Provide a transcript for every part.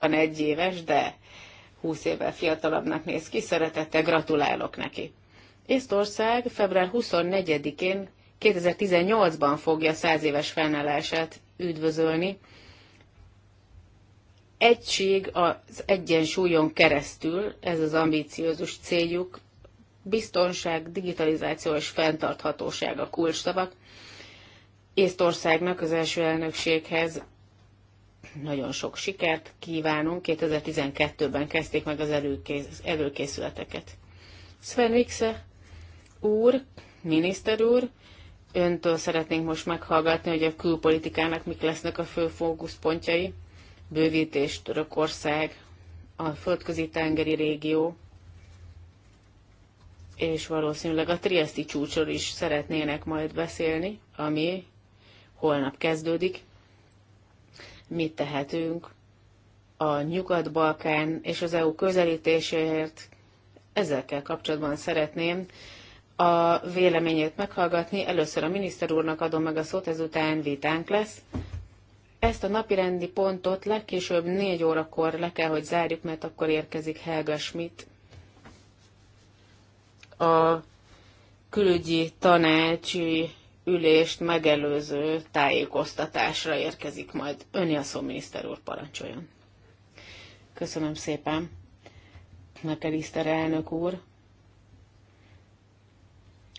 egy éves, de 20 évvel fiatalabbnak néz ki, szeretettel gratulálok neki. Észtország február 24-én 2018-ban fogja 100 éves fennállását üdvözölni. Egység az egyensúlyon keresztül, ez az ambíciózus céljuk, biztonság, digitalizáció és fenntarthatóság a kulcsszavak. Észtországnak az első elnökséghez nagyon sok sikert kívánunk. 2012-ben kezdték meg az előkész, előkészületeket. Sven Wixe úr, miniszter úr, öntől szeretnénk most meghallgatni, hogy a külpolitikának mik lesznek a fő fókuszpontjai. Bővítés Törökország, a földközi tengeri régió, és valószínűleg a Triesti csúcsról is szeretnének majd beszélni, ami holnap kezdődik mit tehetünk a Nyugat-Balkán és az EU közelítéséért. Ezekkel kapcsolatban szeretném a véleményét meghallgatni. Először a miniszter úrnak adom meg a szót, ezután vitánk lesz. Ezt a napirendi pontot legkésőbb négy órakor le kell, hogy zárjuk, mert akkor érkezik Helga Schmidt, a külügyi tanácsi ülést megelőző tájékoztatásra érkezik majd. Öni a miniszter úr, parancsoljon. Köszönöm szépen, Mekeliszter elnök úr.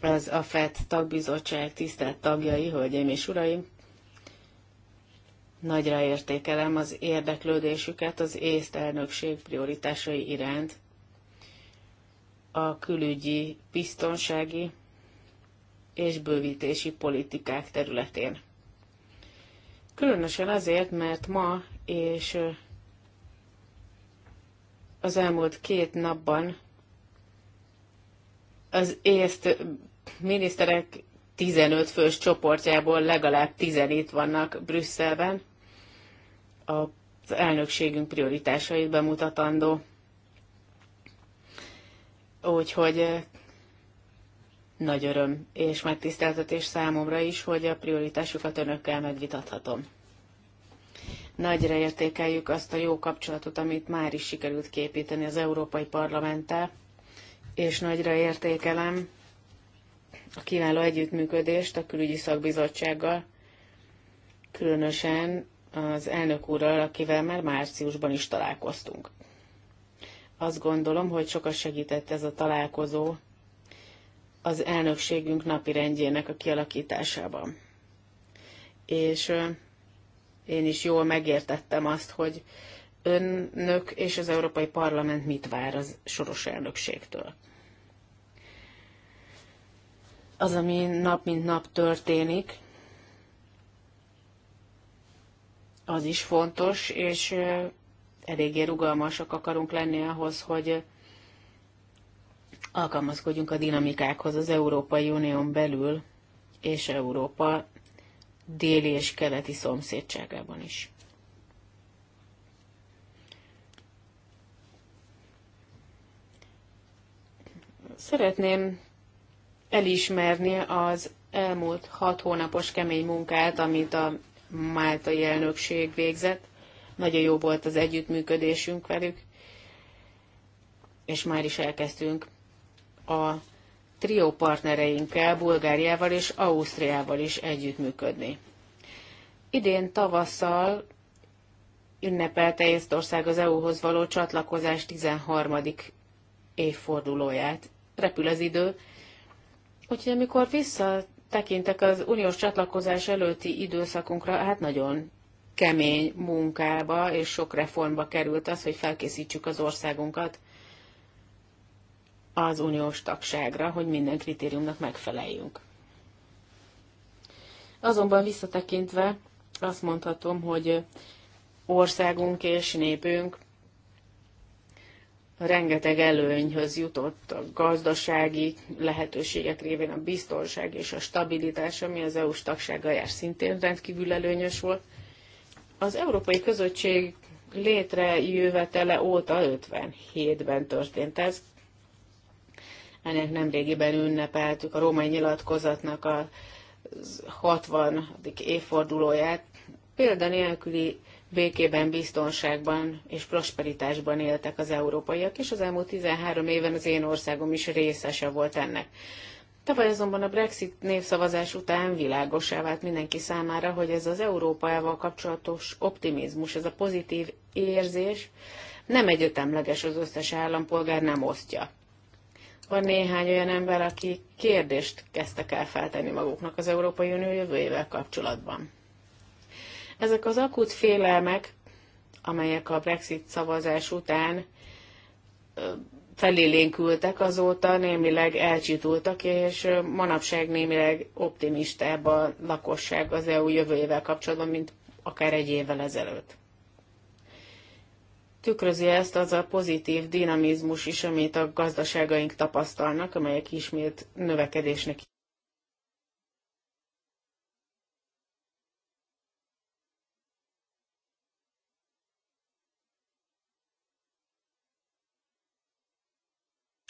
Az a AFET tagbizottság tisztelt tagjai, hölgyeim és uraim, nagyra értékelem az érdeklődésüket az észt elnökség prioritásai iránt. A külügyi, biztonsági és bővítési politikák területén. Különösen azért, mert ma és az elmúlt két napban az észt miniszterek 15 fős csoportjából legalább 10 itt vannak Brüsszelben az elnökségünk prioritásait bemutatandó. Úgyhogy nagy öröm és megtiszteltetés számomra is, hogy a prioritásukat önökkel megvitathatom. Nagyra értékeljük azt a jó kapcsolatot, amit már is sikerült képíteni az Európai Parlamenttel, és nagyra értékelem a kiváló együttműködést a külügyi szakbizottsággal, különösen az elnök úrral, akivel már márciusban is találkoztunk. Azt gondolom, hogy sokat segített ez a találkozó az elnökségünk napi rendjének a kialakításában. És én is jól megértettem azt, hogy önök és az Európai Parlament mit vár az soros elnökségtől. Az, ami nap mint nap történik, az is fontos, és eléggé rugalmasak akarunk lenni ahhoz, hogy alkalmazkodjunk a dinamikákhoz az Európai Unión belül és Európa déli és keleti szomszédságában is. Szeretném elismerni az elmúlt hat hónapos kemény munkát, amit a máltai elnökség végzett. Nagyon jó volt az együttműködésünk velük, és már is elkezdtünk a trió partnereinkkel, Bulgáriával és Ausztriával is együttműködni. Idén tavasszal ünnepelte Észtország az EU-hoz való csatlakozás 13. évfordulóját. Repül az idő, úgyhogy amikor visszatekintek az uniós csatlakozás előtti időszakunkra, hát nagyon kemény munkába és sok reformba került az, hogy felkészítsük az országunkat – az uniós tagságra, hogy minden kritériumnak megfeleljünk. Azonban visszatekintve azt mondhatom, hogy országunk és népünk rengeteg előnyhöz jutott a gazdasági lehetőségek révén a biztonság és a stabilitás, ami az EU-s tagsággal jár, szintén rendkívül előnyös volt. Az Európai Közösség létrejövetele óta 57-ben történt ez, ennek nemrégiben ünnepeltük a római nyilatkozatnak a 60. évfordulóját. nélküli békében, biztonságban és prosperitásban éltek az európaiak, és az elmúlt 13 éven az én országom is részese volt ennek. Tavaly azonban a Brexit névszavazás után világosá vált mindenki számára, hogy ez az Európával kapcsolatos optimizmus, ez a pozitív érzés nem egyetemleges az összes állampolgár nem osztja van néhány olyan ember, aki kérdést kezdtek el feltenni maguknak az Európai Unió jövőjével kapcsolatban. Ezek az akut félelmek, amelyek a Brexit szavazás után felélénkültek, azóta némileg elcsitultak, és manapság némileg optimistább a lakosság az EU jövőjével kapcsolatban, mint akár egy évvel ezelőtt tükrözi ezt az a pozitív dinamizmus is, amit a gazdaságaink tapasztalnak, amelyek ismét növekedésnek.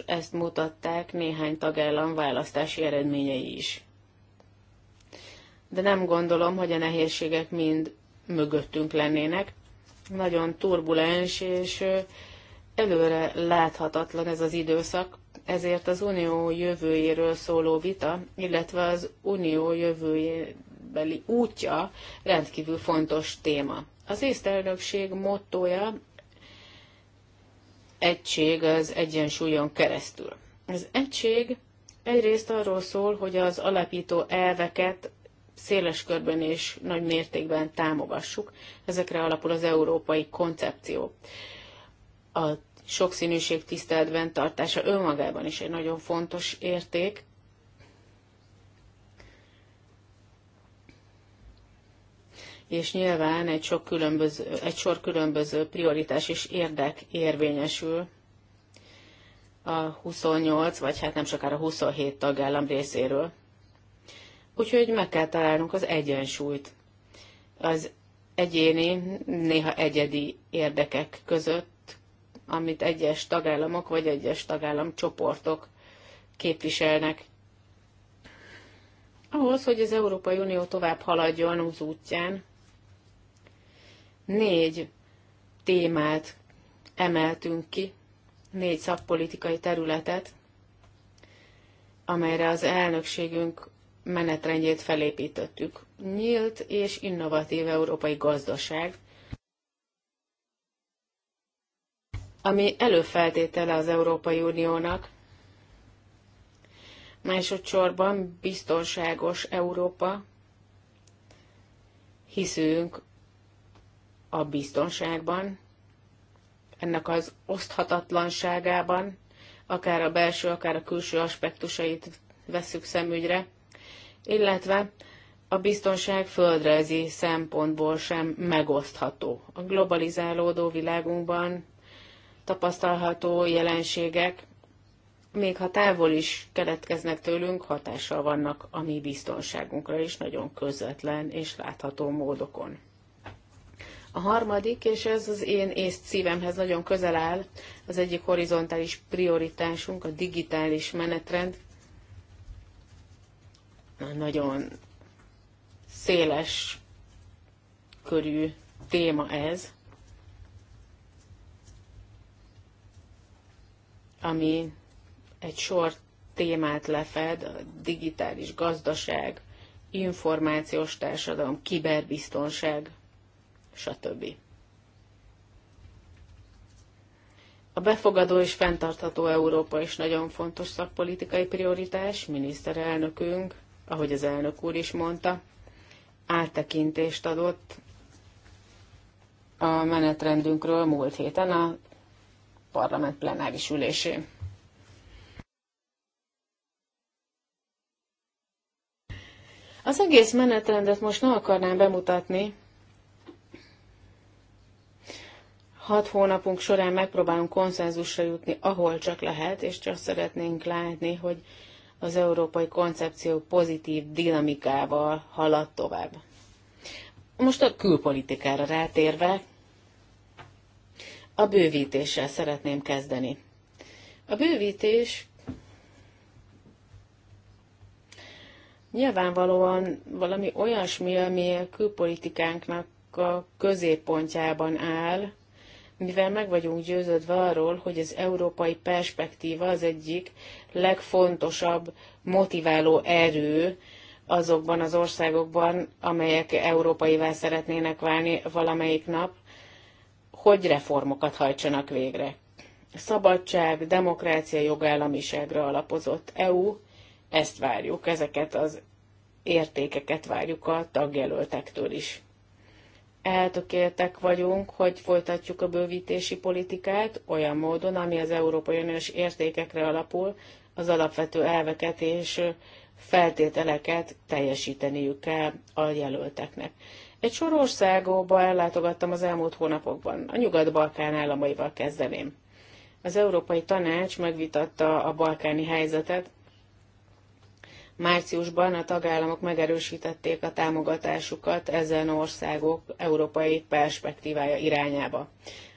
Ezt mutatták néhány tagállam választási eredményei is. De nem gondolom, hogy a nehézségek mind mögöttünk lennének, nagyon turbulens és előre láthatatlan ez az időszak, ezért az unió jövőjéről szóló vita, illetve az unió jövőjébeli útja rendkívül fontos téma. Az észtelnökség mottoja egység az egyensúlyon keresztül. Az egység egyrészt arról szól, hogy az alapító elveket széles körben és nagy mértékben támogassuk. Ezekre alapul az európai koncepció. A sokszínűség tiszteletben tartása önmagában is egy nagyon fontos érték. És nyilván egy, sok különböző, egy sor különböző prioritás és érdek érvényesül a 28, vagy hát nem sokára 27 tagállam részéről Úgyhogy meg kell találnunk az egyensúlyt az egyéni, néha egyedi érdekek között, amit egyes tagállamok vagy egyes tagállam csoportok képviselnek. Ahhoz, hogy az Európai Unió tovább haladjon az útján, négy témát emeltünk ki, négy szakpolitikai területet, amelyre az elnökségünk menetrendjét felépítettük. Nyílt és innovatív európai gazdaság, ami előfeltétele az Európai Uniónak, másodszorban biztonságos Európa, hiszünk a biztonságban, ennek az oszthatatlanságában, akár a belső, akár a külső aspektusait vesszük szemügyre, illetve a biztonság földrajzi szempontból sem megosztható. A globalizálódó világunkban tapasztalható jelenségek, még ha távol is keletkeznek tőlünk, hatással vannak a mi biztonságunkra is nagyon közvetlen és látható módokon. A harmadik, és ez az én és szívemhez nagyon közel áll, az egyik horizontális prioritásunk a digitális menetrend nagyon széles körű téma ez, ami egy sor témát lefed, a digitális gazdaság, információs társadalom, kiberbiztonság, stb. A befogadó és fenntartható Európa is nagyon fontos szakpolitikai prioritás, miniszterelnökünk ahogy az elnök úr is mondta, áttekintést adott a menetrendünkről múlt héten a parlament plenáris ülésén. Az egész menetrendet most nem akarnám bemutatni. Hat hónapunk során megpróbálunk konszenzusra jutni, ahol csak lehet, és csak szeretnénk látni, hogy az európai koncepció pozitív dinamikával halad tovább. Most a külpolitikára rátérve, a bővítéssel szeretném kezdeni. A bővítés nyilvánvalóan valami olyasmi, ami a külpolitikánknak a középpontjában áll, mivel meg vagyunk győződve arról, hogy az európai perspektíva az egyik legfontosabb motiváló erő azokban az országokban, amelyek európaivá szeretnének válni valamelyik nap, hogy reformokat hajtsanak végre. Szabadság, demokrácia, jogállamiságra alapozott EU, ezt várjuk, ezeket az értékeket várjuk a tagjelöltektől is eltökéltek vagyunk, hogy folytatjuk a bővítési politikát olyan módon, ami az Európai Uniós értékekre alapul, az alapvető elveket és feltételeket teljesíteniük kell a jelölteknek. Egy sor országóba ellátogattam az elmúlt hónapokban, a Nyugat-Balkán államaival kezdeném. Az Európai Tanács megvitatta a balkáni helyzetet, Márciusban a tagállamok megerősítették a támogatásukat ezen országok európai perspektívája irányába.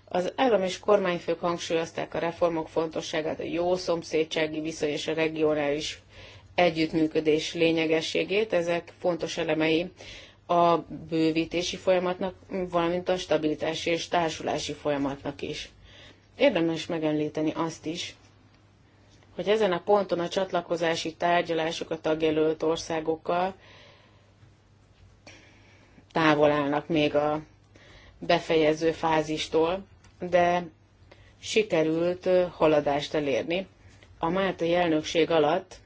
Az állam és kormányfők hangsúlyozták a reformok fontosságát, a jó szomszédsági viszony és a regionális együttműködés lényegességét. Ezek fontos elemei a bővítési folyamatnak, valamint a stabilitási és társulási folyamatnak is. Érdemes megemlíteni azt is, hogy ezen a ponton a csatlakozási tárgyalások a tagjelölt országokkal távol állnak még a befejező fázistól, de sikerült haladást elérni. A Máltai elnökség alatt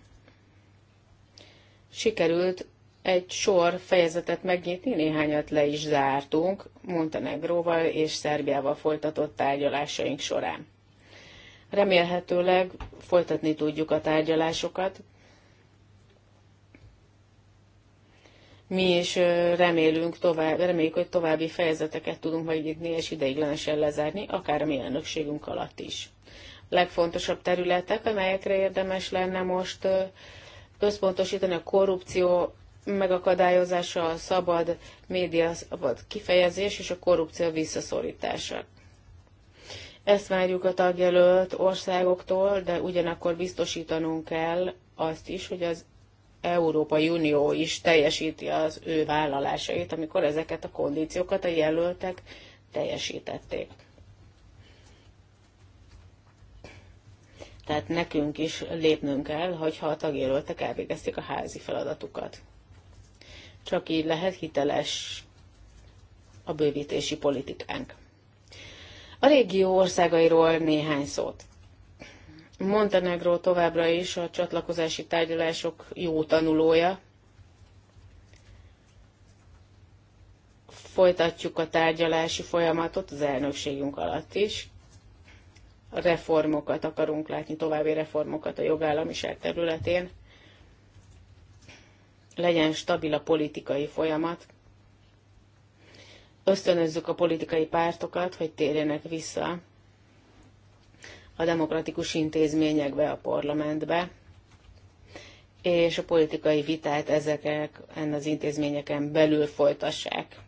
sikerült egy sor fejezetet megnyitni, néhányat le is zártunk Montenegróval és Szerbiával folytatott tárgyalásaink során. Remélhetőleg folytatni tudjuk a tárgyalásokat. Mi is remélünk tovább, reméljük, hogy további fejezeteket tudunk majd nyitni és ideiglenesen lezárni, akár a mi elnökségünk alatt is. Legfontosabb területek, amelyekre érdemes lenne most központosítani a korrupció megakadályozása, a szabad média, szabad kifejezés és a korrupció visszaszorítása. Ezt várjuk a tagjelölt országoktól, de ugyanakkor biztosítanunk kell azt is, hogy az Európai Unió is teljesíti az ő vállalásait, amikor ezeket a kondíciókat a jelöltek teljesítették. Tehát nekünk is lépnünk kell, hogyha a tagjelöltek elvégezték a házi feladatukat. Csak így lehet hiteles a bővítési politikánk. A régió országairól néhány szót. Montenegro továbbra is a csatlakozási tárgyalások jó tanulója. Folytatjuk a tárgyalási folyamatot az elnökségünk alatt is. A reformokat akarunk látni, további reformokat a jogállamiság területén. Legyen stabil a politikai folyamat, ösztönözzük a politikai pártokat, hogy térjenek vissza a demokratikus intézményekbe, a parlamentbe, és a politikai vitát ezeken az intézményeken belül folytassák,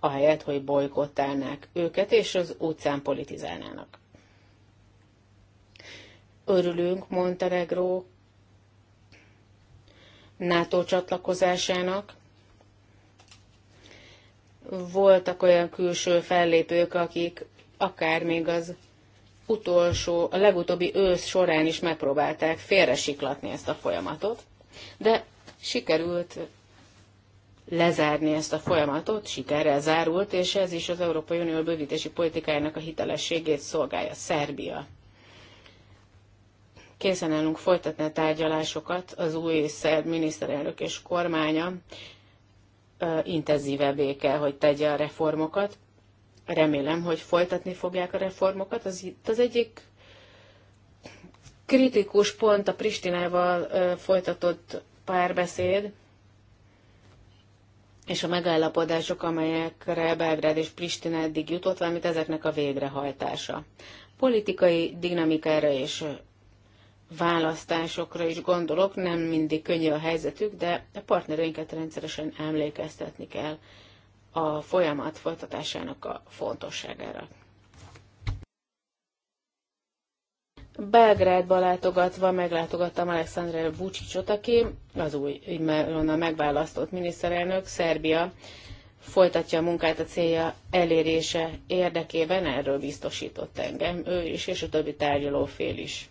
ahelyett, hogy bolykottálnák őket, és az utcán politizálnának. Örülünk Montenegro NATO csatlakozásának, voltak olyan külső fellépők, akik akár még az utolsó, a legutóbbi ősz során is megpróbálták félresiklatni ezt a folyamatot, de sikerült lezárni ezt a folyamatot, sikerrel zárult, és ez is az Európai Unió bővítési politikájának a hitelességét szolgálja Szerbia. Készen állunk folytatni a tárgyalásokat az új szerb miniszterelnök és kormánya intenzívebbé kell, hogy tegye a reformokat. Remélem, hogy folytatni fogják a reformokat. Az, az egyik kritikus pont a Pristinával folytatott párbeszéd, és a megállapodások, amelyekre Belgrád és Pristina eddig jutott, valamint ezeknek a végrehajtása. Politikai dinamikára és választásokra is gondolok, nem mindig könnyű a helyzetük, de a partnereinket rendszeresen emlékeztetni kell a folyamat folytatásának a fontosságára. Belgrádba látogatva meglátogattam Alexandre Vucicot, aki az új onnan megválasztott miniszterelnök, Szerbia folytatja a munkát a célja elérése érdekében, erről biztosított engem ő is, és a többi tárgyaló fél is.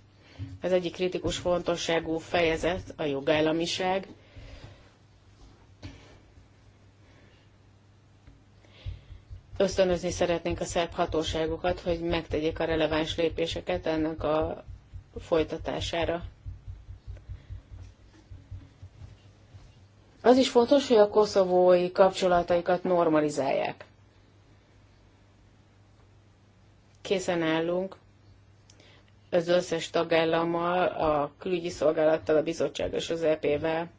Az egyik kritikus fontosságú fejezet a jogállamiság. Ösztönözni szeretnénk a szerb hatóságokat, hogy megtegyék a releváns lépéseket ennek a folytatására. Az is fontos, hogy a koszovói kapcsolataikat normalizálják. Készen állunk az összes tagállammal, a külügyi szolgálattal, a bizottság és az EP-vel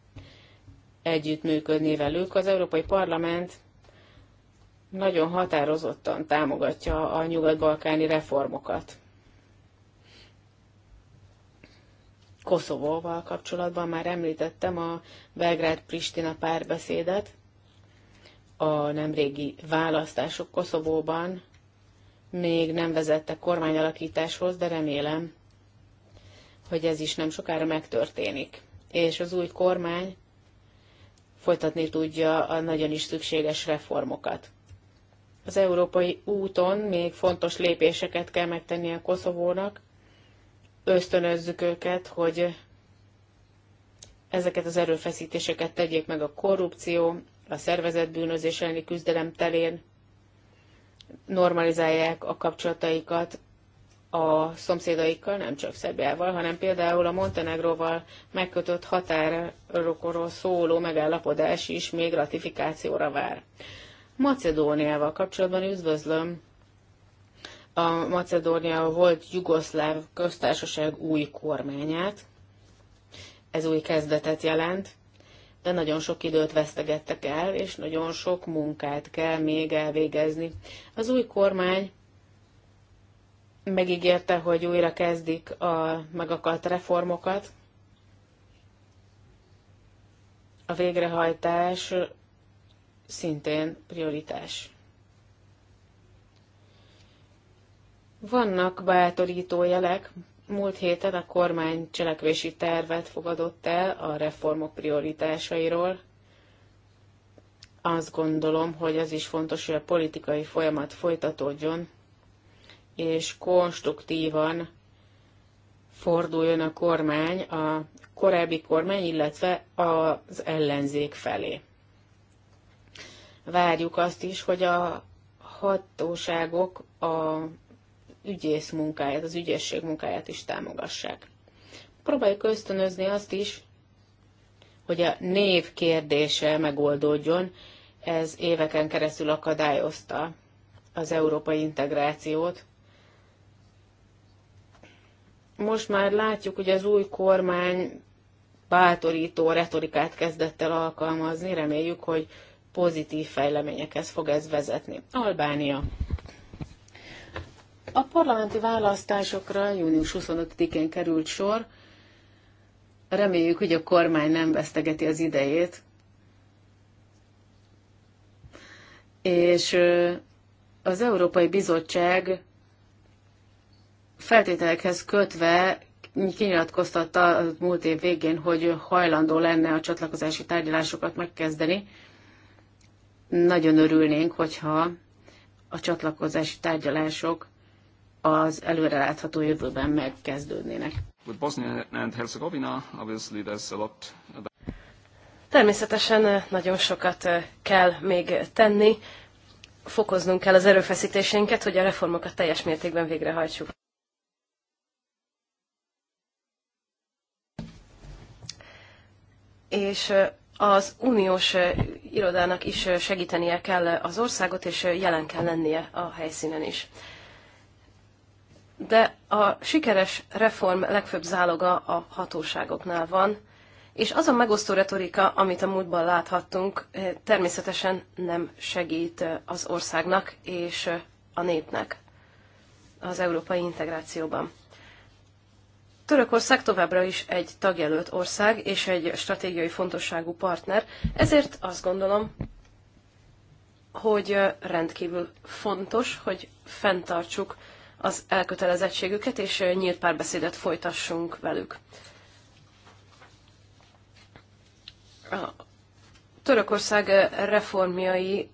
együttműködni velük. Az Európai Parlament nagyon határozottan támogatja a nyugat-balkáni reformokat. Koszovóval kapcsolatban már említettem a Belgrád-Pristina párbeszédet, a nemrégi választások Koszovóban még nem vezettek kormányalakításhoz, de remélem, hogy ez is nem sokára megtörténik. És az új kormány folytatni tudja a nagyon is szükséges reformokat. Az európai úton még fontos lépéseket kell megtenni a Koszovónak, ösztönözzük őket, hogy ezeket az erőfeszítéseket tegyék meg a korrupció, a szervezett bűnözés elleni küzdelem telén, normalizálják a kapcsolataikat a szomszédaikkal, nem csak Szerbiával, hanem például a Montenegróval megkötött határokról szóló megállapodás is még ratifikációra vár. Macedóniával kapcsolatban üdvözlöm a Macedónia volt Jugoszláv köztársaság új kormányát. Ez új kezdetet jelent, de nagyon sok időt vesztegettek el, és nagyon sok munkát kell még elvégezni. Az új kormány megígérte, hogy újra kezdik a megakadt reformokat. A végrehajtás szintén prioritás. Vannak bátorító jelek, múlt héten a kormány cselekvési tervet fogadott el a reformok prioritásairól. Azt gondolom, hogy az is fontos, hogy a politikai folyamat folytatódjon, és konstruktívan forduljon a kormány, a korábbi kormány, illetve az ellenzék felé. Várjuk azt is, hogy a hatóságok a ügyész munkáját, az ügyészség munkáját is támogassák. Próbáljuk ösztönözni azt is, hogy a név kérdése megoldódjon, ez éveken keresztül akadályozta az európai integrációt. Most már látjuk, hogy az új kormány bátorító retorikát kezdett el alkalmazni, reméljük, hogy pozitív fejleményekhez fog ez vezetni. Albánia. A parlamenti választásokra június 25-én került sor. Reméljük, hogy a kormány nem vesztegeti az idejét. És az Európai Bizottság feltételekhez kötve kinyilatkoztatta múlt év végén, hogy hajlandó lenne a csatlakozási tárgyalásokat megkezdeni. Nagyon örülnénk, hogyha a csatlakozási tárgyalások az előrelátható jövőben megkezdődnének. Természetesen eh, nagyon sokat eh, kell még tenni, fokoznunk kell az erőfeszítéseinket, hogy a reformokat teljes mértékben végrehajtsuk. És eh, az uniós irodának is segítenie kell az országot, és jelen kell lennie a helyszínen is de a sikeres reform legfőbb záloga a hatóságoknál van, és az a megosztó retorika, amit a múltban láthattunk, eh, természetesen nem segít eh, az országnak és eh, a népnek az európai integrációban. Törökország továbbra is egy tagjelölt ország és egy stratégiai fontosságú partner, ezért azt gondolom, hogy rendkívül fontos, hogy fenntartsuk az elkötelezettségüket, és nyílt párbeszédet folytassunk velük. A Törökország reformjai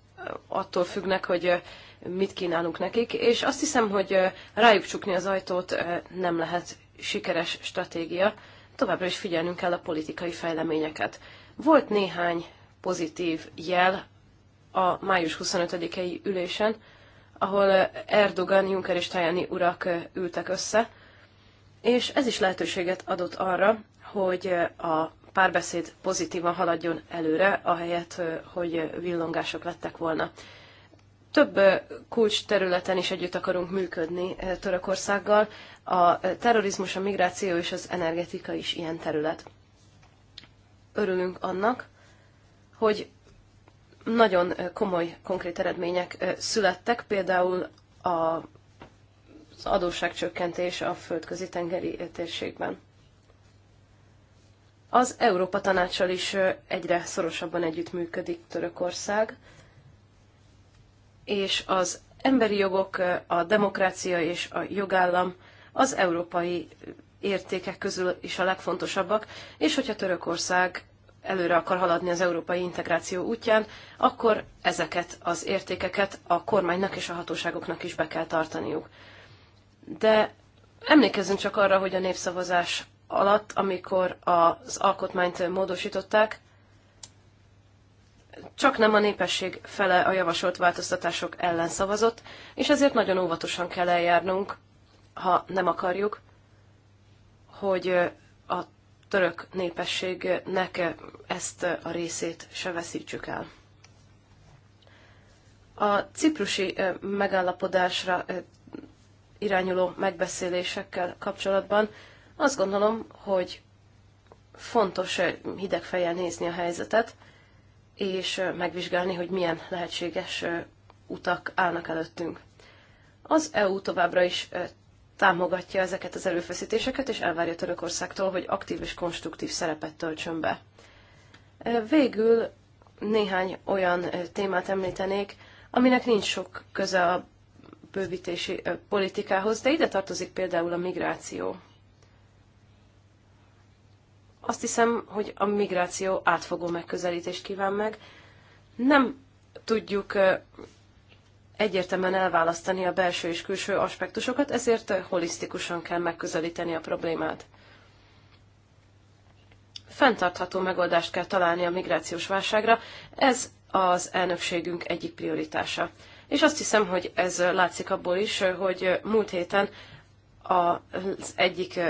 attól függnek, hogy mit kínálunk nekik, és azt hiszem, hogy rájuk csukni az ajtót nem lehet sikeres stratégia, továbbra is figyelnünk kell a politikai fejleményeket. Volt néhány pozitív jel a május 25-i ülésen, ahol Erdogan, Juncker és Tajani urak ültek össze, és ez is lehetőséget adott arra, hogy a párbeszéd pozitívan haladjon előre, ahelyett, hogy villongások lettek volna. Több kulcs területen is együtt akarunk működni Törökországgal. A terrorizmus, a migráció és az energetika is ilyen terület. Örülünk annak, hogy nagyon komoly, konkrét eredmények születtek, például a, az adósságcsökkentés a földközi tengeri térségben. Az Európa tanácsal is egyre szorosabban együttműködik Törökország, és az emberi jogok, a demokrácia és a jogállam az európai értékek közül is a legfontosabbak, és hogyha Törökország előre akar haladni az európai integráció útján, akkor ezeket az értékeket a kormánynak és a hatóságoknak is be kell tartaniuk. De emlékezzünk csak arra, hogy a népszavazás alatt, amikor az alkotmányt módosították, csak nem a népesség fele a javasolt változtatások ellen szavazott, és ezért nagyon óvatosan kell eljárnunk, ha nem akarjuk, hogy a török népességnek ezt a részét se veszítsük el. A ciprusi megállapodásra irányuló megbeszélésekkel kapcsolatban azt gondolom, hogy fontos hideg fejjel nézni a helyzetet, és megvizsgálni, hogy milyen lehetséges utak állnak előttünk. Az EU továbbra is támogatja ezeket az erőfeszítéseket, és elvárja Törökországtól, hogy aktív és konstruktív szerepet töltsön be. Végül néhány olyan témát említenék, aminek nincs sok köze a bővítési politikához, de ide tartozik például a migráció. Azt hiszem, hogy a migráció átfogó megközelítést kíván meg. Nem tudjuk egyértelműen elválasztani a belső és külső aspektusokat, ezért holisztikusan kell megközelíteni a problémát. Fenntartható megoldást kell találni a migrációs válságra, ez az elnökségünk egyik prioritása. És azt hiszem, hogy ez látszik abból is, hogy múlt héten az egyik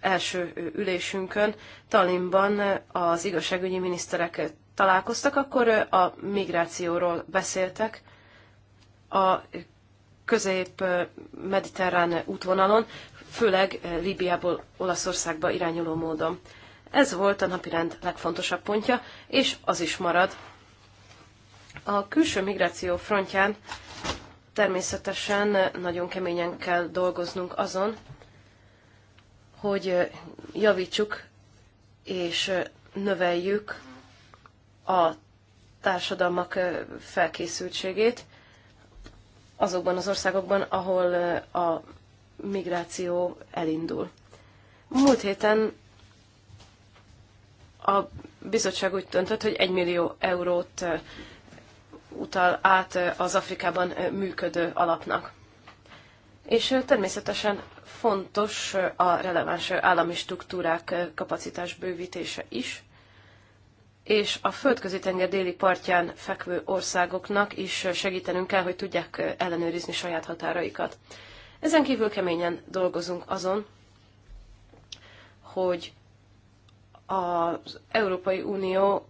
első ülésünkön Talimban az igazságügyi miniszterek találkoztak, akkor a migrációról beszéltek, a közép-mediterrán útvonalon, főleg Líbiából Olaszországba irányuló módon. Ez volt a napirend legfontosabb pontja, és az is marad. A külső migráció frontján természetesen nagyon keményen kell dolgoznunk azon, hogy javítsuk és növeljük a társadalmak felkészültségét, azokban az országokban, ahol a migráció elindul. Múlt héten a bizottság úgy döntött, hogy 1 millió eurót utal át az Afrikában működő alapnak. És természetesen fontos a releváns állami struktúrák kapacitás bővítése is, és a földközi tenger déli partján fekvő országoknak is segítenünk kell, hogy tudják ellenőrizni saját határaikat. Ezen kívül keményen dolgozunk azon, hogy az Európai Unió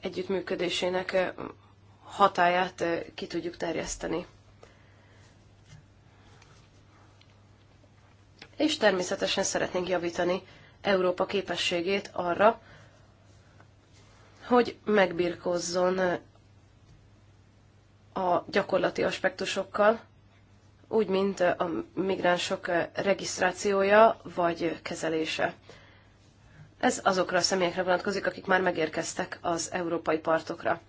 együttműködésének hatáját ki tudjuk terjeszteni. És természetesen szeretnénk javítani Európa képességét arra, hogy megbirkózzon a gyakorlati aspektusokkal, úgy, mint a migránsok regisztrációja vagy kezelése. Ez azokra a személyekre vonatkozik, akik már megérkeztek az európai partokra.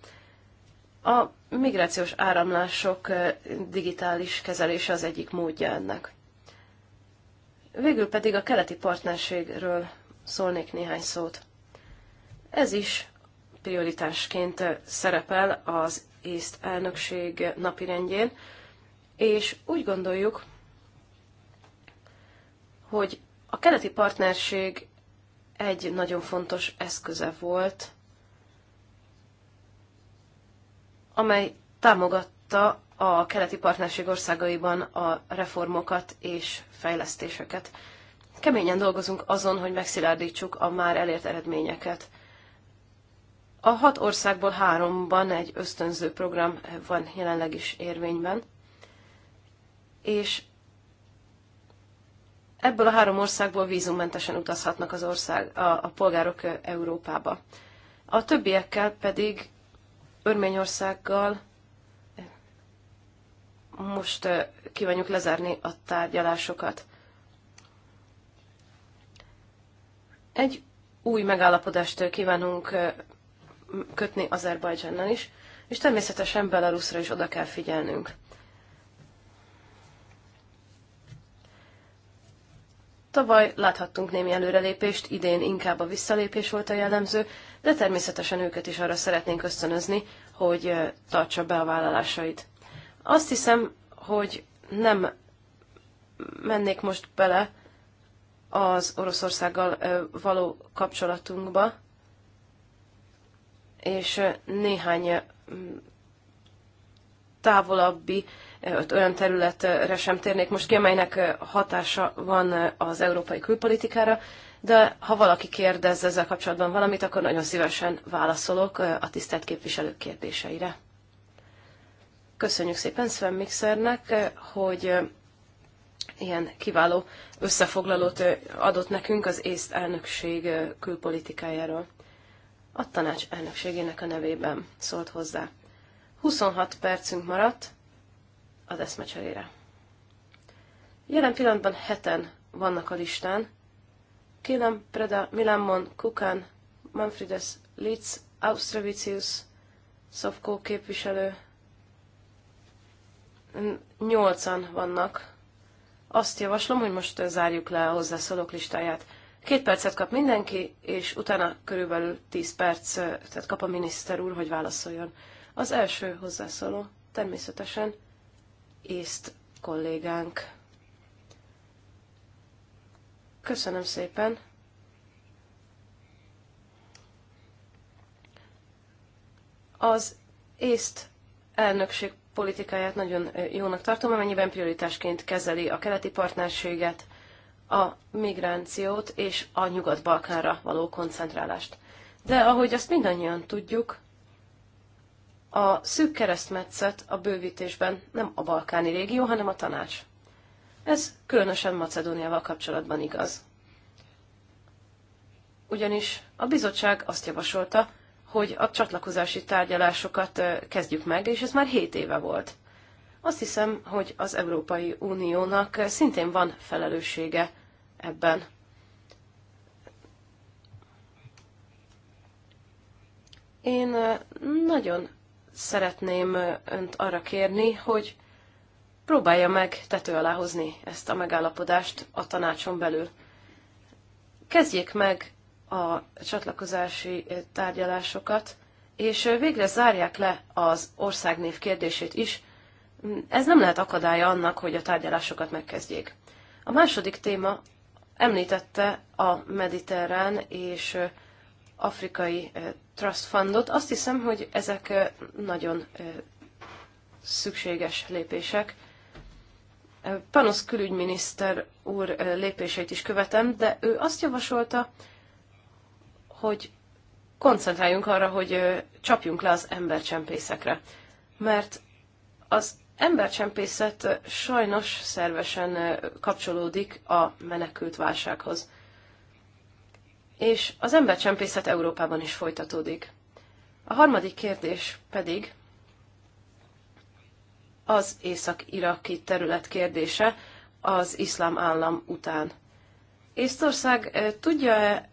A migrációs áramlások digitális kezelése az egyik módja ennek. Végül pedig a keleti partnerségről szólnék néhány szót. Ez is prioritásként szerepel az észt elnökség napirendjén, és úgy gondoljuk, hogy a keleti partnerség egy nagyon fontos eszköze volt, amely támogatta a keleti partnerség országaiban a reformokat és fejlesztéseket. Keményen dolgozunk azon, hogy megszilárdítsuk a már elért eredményeket – a hat országból háromban egy ösztönző program van jelenleg is érvényben, és ebből a három országból vízummentesen utazhatnak az ország, a, a polgárok Európába. A többiekkel pedig Örményországgal most kívánjuk lezárni a tárgyalásokat. Egy új megállapodást kívánunk kötni Azerbajdzsánnal is, és természetesen Belarusra is oda kell figyelnünk. Tavaly láthattunk némi előrelépést, idén inkább a visszalépés volt a jellemző, de természetesen őket is arra szeretnénk ösztönözni, hogy tartsa be a vállalásait. Azt hiszem, hogy nem mennék most bele az Oroszországgal való kapcsolatunkba, és néhány távolabbi olyan területre sem térnék most ki, amelynek hatása van az európai külpolitikára, de ha valaki kérdez ezzel kapcsolatban valamit, akkor nagyon szívesen válaszolok a tisztelt képviselők kérdéseire. Köszönjük szépen Sven Mixernek, hogy ilyen kiváló összefoglalót adott nekünk az észt elnökség külpolitikájáról a tanács elnökségének a nevében szólt hozzá. 26 percünk maradt az eszmecserére. Jelen pillanatban heten vannak a listán. Kélem, Preda, Milamon, Kukan, Manfredes, Litz, Austrovicius, Szovkó képviselő. Nyolcan vannak. Azt javaslom, hogy most zárjuk le a hozzászólók listáját. Két percet kap mindenki, és utána körülbelül tíz perc, tehát kap a miniszter úr, hogy válaszoljon. Az első hozzászóló természetesen észt kollégánk. Köszönöm szépen. Az észt elnökség politikáját nagyon jónak tartom, amennyiben prioritásként kezeli a keleti partnerséget, a migrációt és a Nyugat-Balkánra való koncentrálást. De ahogy azt mindannyian tudjuk, a szűk keresztmetszet a bővítésben nem a balkáni régió, hanem a tanács. Ez különösen Macedóniával kapcsolatban igaz. Ugyanis a bizottság azt javasolta, hogy a csatlakozási tárgyalásokat kezdjük meg, és ez már 7 éve volt. Azt hiszem, hogy az Európai Uniónak szintén van felelőssége ebben. Én nagyon szeretném önt arra kérni, hogy próbálja meg tető alá hozni ezt a megállapodást a tanácson belül. Kezdjék meg a csatlakozási tárgyalásokat, és végre zárják le az országnév kérdését is. Hm, ez nem lehet akadálya annak, hogy a tárgyalásokat megkezdjék. A második téma Említette a mediterrán és afrikai trust fundot. Azt hiszem, hogy ezek nagyon szükséges lépések. Panosz külügyminiszter úr lépéseit is követem, de ő azt javasolta, hogy koncentráljunk arra, hogy csapjunk le az embercsempészekre. Mert az embercsempészet sajnos szervesen kapcsolódik a menekült válsághoz. És az embercsempészet Európában is folytatódik. A harmadik kérdés pedig az észak-iraki terület kérdése az iszlám állam után. Észtország tudja-e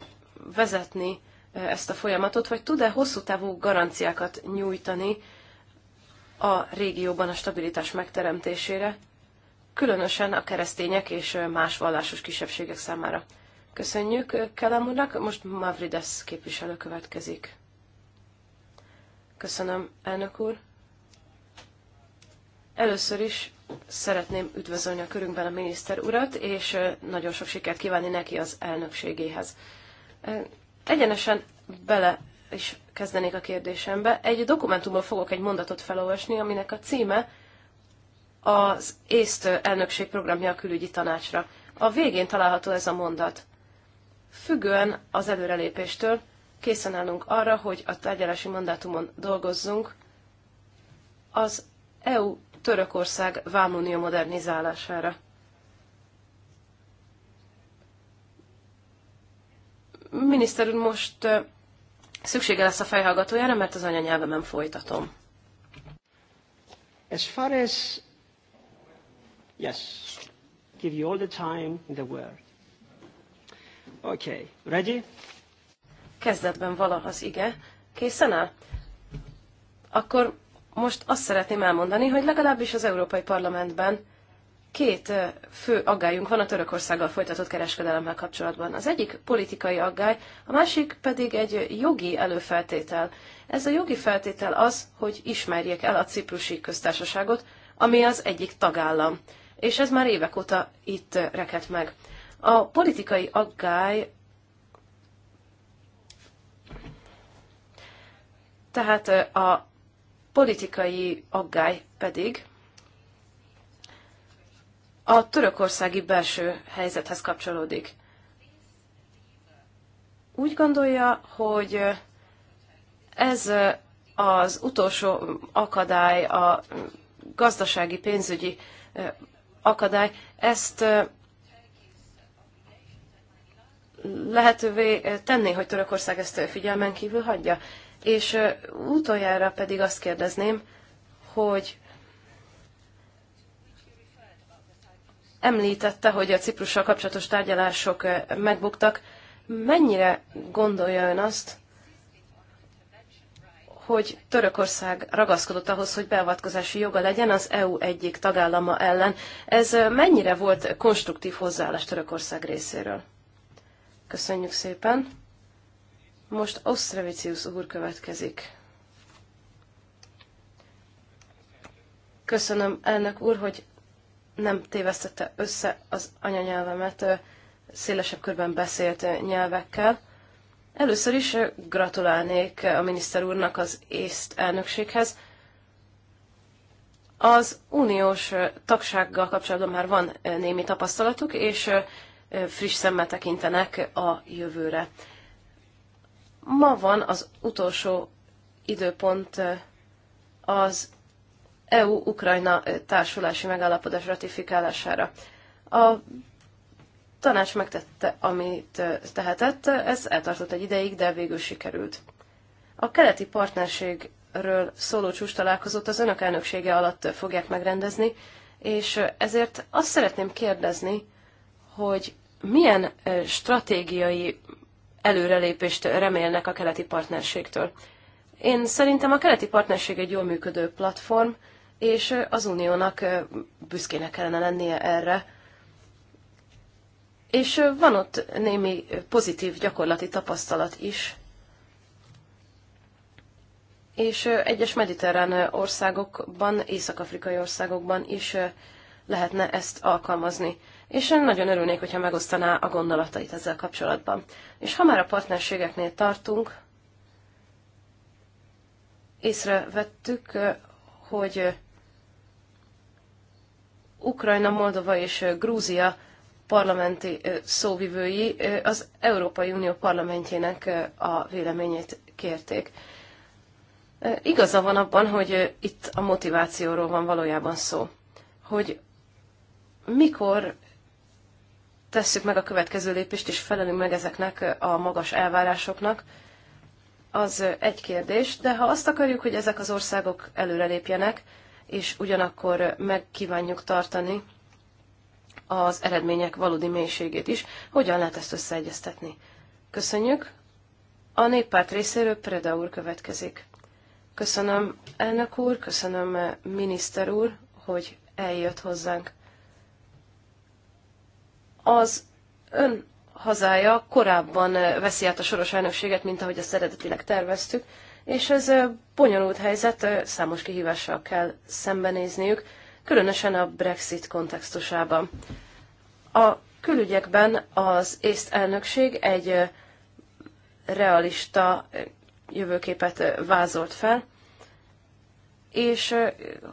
vezetni ezt a folyamatot, vagy tud-e hosszú távú garanciákat nyújtani a régióban a stabilitás megteremtésére, különösen a keresztények és más vallásos kisebbségek számára. Köszönjük Kelem úrnak, most Mavrides képviselő következik. Köszönöm, elnök úr. Először is szeretném üdvözölni a körünkben a miniszter urat, és nagyon sok sikert kívánni neki az elnökségéhez. Egyenesen bele is kezdenék a kérdésembe. Egy dokumentumból fogok egy mondatot felolvasni, aminek a címe az észt elnökség programja a külügyi tanácsra. A végén található ez a mondat. Függően az előrelépéstől készen állunk arra, hogy a tárgyalási mandátumon dolgozzunk az EU-Törökország vámunió modernizálására. Miniszter úr, most Szüksége lesz a fejhallgatójára, mert az anyanyelvemen folytatom. As far as... Yes. Give you all the time in the world. Okay. Ready? Kezdetben valaha az ige. Készen áll? Akkor most azt szeretném elmondani, hogy legalábbis az Európai Parlamentben két fő aggályunk van a Törökországgal folytatott kereskedelemmel kapcsolatban. Az egyik politikai aggály, a másik pedig egy jogi előfeltétel. Ez a jogi feltétel az, hogy ismerjék el a ciprusi köztársaságot, ami az egyik tagállam. És ez már évek óta itt reket meg. A politikai aggály tehát a politikai aggály pedig a törökországi belső helyzethez kapcsolódik. Úgy gondolja, hogy ez az utolsó akadály, a gazdasági, pénzügyi akadály, ezt lehetővé tenni, hogy Törökország ezt figyelmen kívül hagyja. És utoljára pedig azt kérdezném, hogy említette, hogy a Ciprussal kapcsolatos tárgyalások megbuktak. Mennyire gondolja ön azt, hogy Törökország ragaszkodott ahhoz, hogy beavatkozási joga legyen az EU egyik tagállama ellen. Ez mennyire volt konstruktív hozzáállás Törökország részéről? Köszönjük szépen. Most Osztravicius úr következik. Köszönöm elnök úr, hogy nem tévesztette össze az anyanyelvemet szélesebb körben beszélt nyelvekkel. Először is gratulálnék a miniszter úrnak az észt elnökséghez. Az uniós tagsággal kapcsolatban már van némi tapasztalatuk, és friss szemmel tekintenek a jövőre. Ma van az utolsó időpont az EU-Ukrajna társulási megállapodás ratifikálására. A tanács megtette, amit tehetett, ez eltartott egy ideig, de végül sikerült. A keleti partnerségről szóló csúcs találkozót az önök elnöksége alatt fogják megrendezni, és ezért azt szeretném kérdezni, hogy milyen stratégiai előrelépést remélnek a keleti partnerségtől. Én szerintem a keleti partnerség egy jól működő platform, és az uniónak büszkének kellene lennie erre. És van ott némi pozitív gyakorlati tapasztalat is. És egyes mediterrán országokban, észak-afrikai országokban is lehetne ezt alkalmazni. És nagyon örülnék, hogyha megosztaná a gondolatait ezzel kapcsolatban. És ha már a partnerségeknél tartunk, észrevettük, hogy Ukrajna, Moldova és Grúzia parlamenti szóvivői az Európai Unió parlamentjének a véleményét kérték. Igaza van abban, hogy itt a motivációról van valójában szó. Hogy mikor tesszük meg a következő lépést, és felelünk meg ezeknek a magas elvárásoknak, az egy kérdés, de ha azt akarjuk, hogy ezek az országok előrelépjenek, és ugyanakkor megkívánjuk tartani az eredmények valódi mélységét is. Hogyan lehet ezt összeegyeztetni? Köszönjük. A néppárt részéről Preda úr következik. Köszönöm elnök úr, köszönöm miniszter úr, hogy eljött hozzánk. Az ön hazája korábban veszi át a soros elnökséget, mint ahogy ezt eredetileg terveztük, és ez bonyolult helyzet, számos kihívással kell szembenézniük, különösen a Brexit kontextusában. A külügyekben az észt elnökség egy realista jövőképet vázolt fel, és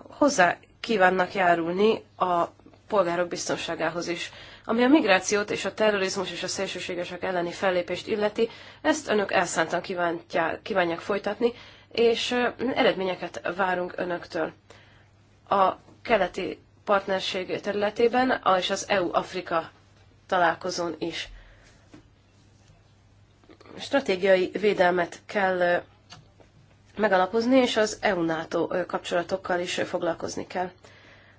hozzá kívánnak járulni a polgárok biztonságához is. Ami a migrációt és a terrorizmus és a szélsőségesek elleni fellépést illeti, ezt önök elszántan kívánják folytatni, és eredményeket várunk önöktől. A keleti partnerség területében és az EU-Afrika találkozón is. Stratégiai védelmet kell megalapozni, és az EU-NATO kapcsolatokkal is foglalkozni kell.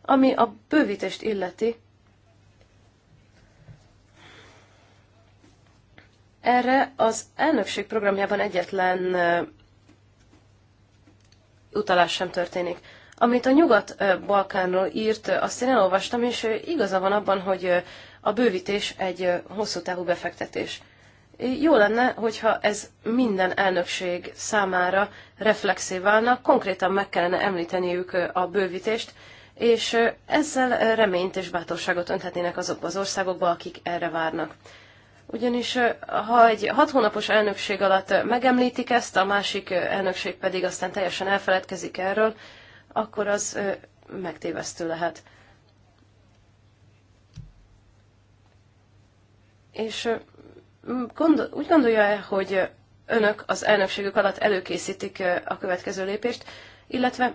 Ami a bővítést illeti, Erre az elnökség programjában egyetlen utalás sem történik. Amit a Nyugat-Balkánról írt, azt én elolvastam, és igaza van abban, hogy a bővítés egy hosszú távú befektetés. Jó lenne, hogyha ez minden elnökség számára reflexé válna, konkrétan meg kellene említeniük a bővítést, és ezzel reményt és bátorságot önthetnének azokba az országokba, akik erre várnak ugyanis ha egy hat hónapos elnökség alatt megemlítik ezt, a másik elnökség pedig aztán teljesen elfeledkezik erről, akkor az megtévesztő lehet. És gondol, úgy gondolja-e, hogy önök az elnökségük alatt előkészítik a következő lépést, illetve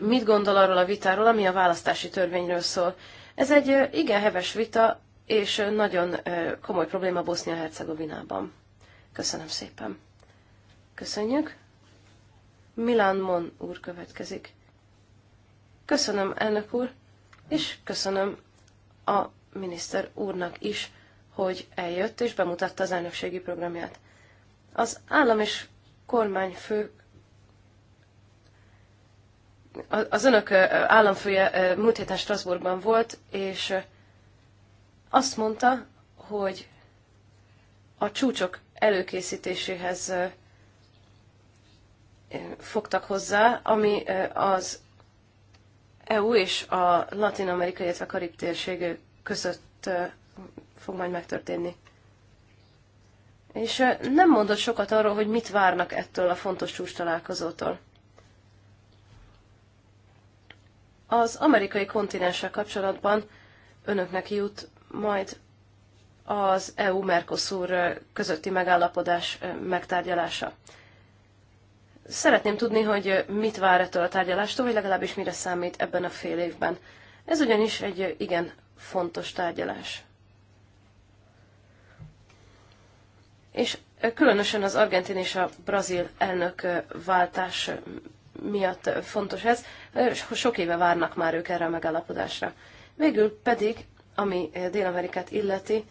mit gondol arról a vitáról, ami a választási törvényről szól? Ez egy igen heves vita, és nagyon komoly probléma Bosznia-Hercegovinában. Köszönöm szépen. Köszönjük. Milán Mon úr következik. Köszönöm, elnök úr, és köszönöm a miniszter úrnak is, hogy eljött és bemutatta az elnökségi programját. Az állam és kormányfő az önök államfője múlt héten Strasbourgban volt, és azt mondta, hogy a csúcsok előkészítéséhez fogtak hozzá, ami az EU és a latin Amerika illetve karib térség között fog majd megtörténni. És nem mondott sokat arról, hogy mit várnak ettől a fontos csúcs találkozótól. Az amerikai kontinenssel kapcsolatban önöknek jut majd az EU-Mercosur közötti megállapodás megtárgyalása. Szeretném tudni, hogy mit vár ettől a tárgyalástól, vagy legalábbis mire számít ebben a fél évben. Ez ugyanis egy igen fontos tárgyalás. És különösen az argentin és a brazil elnök váltás miatt fontos ez. Sok éve várnak már ők erre a megállapodásra. Végül pedig ami eh, Dél-Amerikát illeti,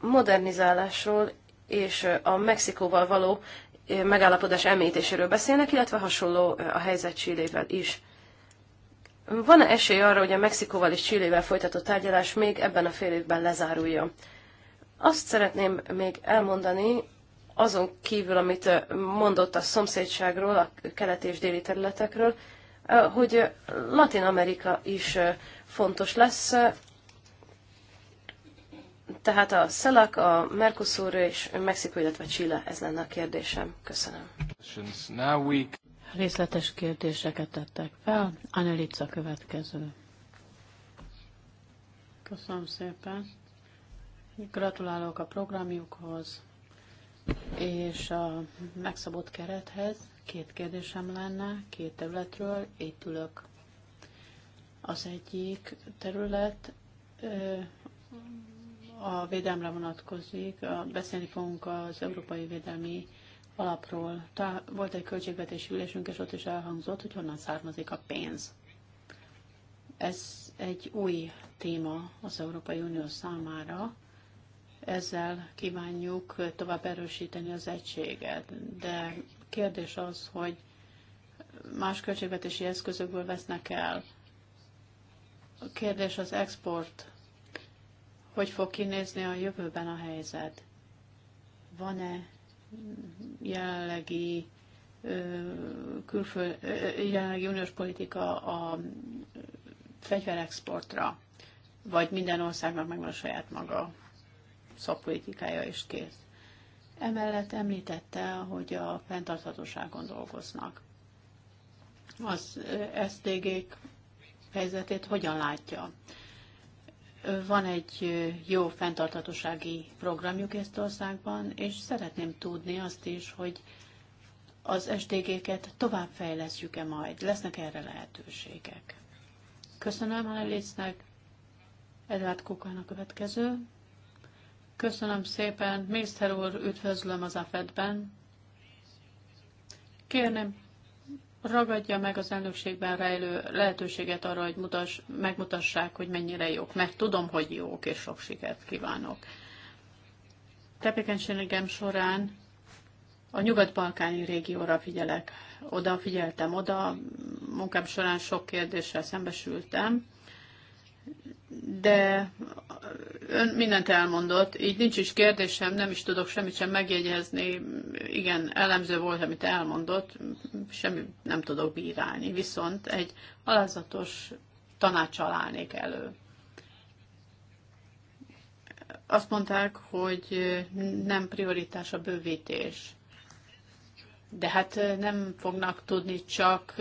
modernizálásról és eh, a Mexikóval való eh, megállapodás említéséről beszélnek, illetve hasonló a helyzet Csillével is. Van-e esély arra, hogy a Mexikóval és Csillével folytatott tárgyalás még ebben a fél évben lezárulja? Azt szeretném még elmondani, azon kívül, amit mondott a szomszédságról, a kelet és déli területekről, hogy Latin Amerika is fontos lesz. Tehát a SZELAK, a Mercosur és Mexikó, illetve Chile, ez lenne a kérdésem. Köszönöm. Részletes kérdéseket tettek fel. Annelica következő. Köszönöm szépen. Gratulálok a programjukhoz és a megszabott kerethez. Két kérdésem lenne, két területről. Itt ülök. Az egyik terület a védelemre vonatkozik. Beszélni fogunk az Európai Védelmi Alapról. tehát volt egy költségvetési ülésünk, és ott is elhangzott, hogy honnan származik a pénz. Ez egy új téma az Európai Unió számára. Ezzel kívánjuk tovább erősíteni az egységet. De kérdés az, hogy más költségvetési eszközökből vesznek el. A kérdés az export hogy fog kinézni a jövőben a helyzet? Van-e jelenlegi külföld, jelenlegi uniós politika a fegyverexportra, vagy minden országnak megvan a saját maga szakpolitikája és kész. Emellett említette, hogy a fenntarthatóságon dolgoznak. Az SZTG-k helyzetét hogyan látja? Van egy jó fenntarthatósági programjuk ezt országban, és szeretném tudni azt is, hogy az SDG-ket továbbfejlesztjük-e majd? Lesznek erre lehetőségek? Köszönöm Hanelicnek, Edward Kukán a következő. Köszönöm szépen, Mészter úr, üdvözlöm az AFED-ben. Kérném, ragadja meg az elnökségben rejlő lehetőséget arra, hogy mutass, megmutassák, hogy mennyire jók, mert tudom, hogy jók, és sok sikert kívánok. Tepékenységem során a nyugat-balkáni régióra figyelek. Oda figyeltem, oda munkám során sok kérdéssel szembesültem, de ön mindent elmondott, így nincs is kérdésem, nem is tudok semmit sem megjegyezni. Igen, elemző volt, amit elmondott, semmi nem tudok bírálni, viszont egy alázatos tanácsal állnék elő. Azt mondták, hogy nem prioritás a bővítés. De hát nem fognak tudni csak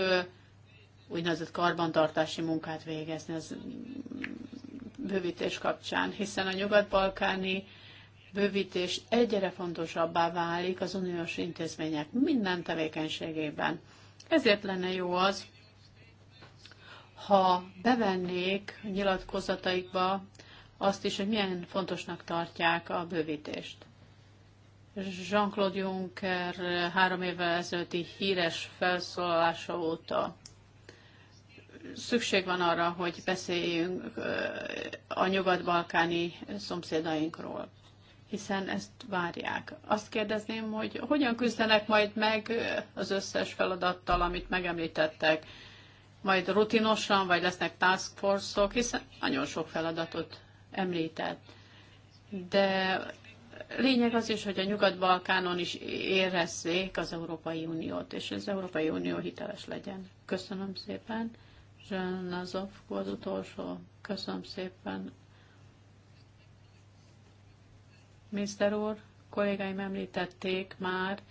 úgynevezett karbantartási munkát végezni az bővítés kapcsán, hiszen a nyugat-balkáni bővítés egyre fontosabbá válik az uniós intézmények minden tevékenységében. Ezért lenne jó az, ha bevennék nyilatkozataikba azt is, hogy milyen fontosnak tartják a bővítést. Jean-Claude Juncker három évvel ezelőtti híres felszólalása óta szükség van arra, hogy beszéljünk a nyugat-balkáni szomszédainkról, hiszen ezt várják. Azt kérdezném, hogy hogyan küzdenek majd meg az összes feladattal, amit megemlítettek, majd rutinosan, vagy lesznek task force-ok, hiszen nagyon sok feladatot említett. De lényeg az is, hogy a Nyugat-Balkánon is érezzék az Európai Uniót, és az Európai Unió hiteles legyen. Köszönöm szépen. Zsánazov volt utolsó. Köszönöm szépen. Mr. úr, kollégáim említették már,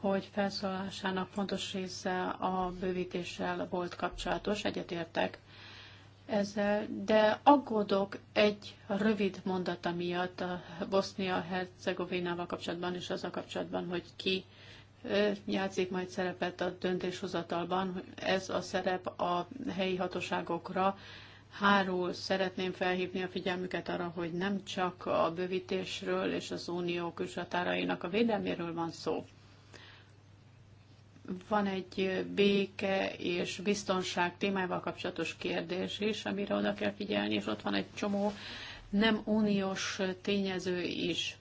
hogy felszólásának fontos része a bővítéssel volt kapcsolatos, egyetértek ezzel, de aggódok egy rövid mondata miatt a Bosznia-Hercegovinával kapcsolatban és a kapcsolatban, hogy ki játszik majd szerepet a döntéshozatalban. Ez a szerep a helyi hatóságokra hárul. Szeretném felhívni a figyelmüket arra, hogy nem csak a bővítésről és az unió külsatárainak a védelméről van szó. Van egy béke és biztonság témával kapcsolatos kérdés is, amire oda kell figyelni, és ott van egy csomó nem uniós tényező is.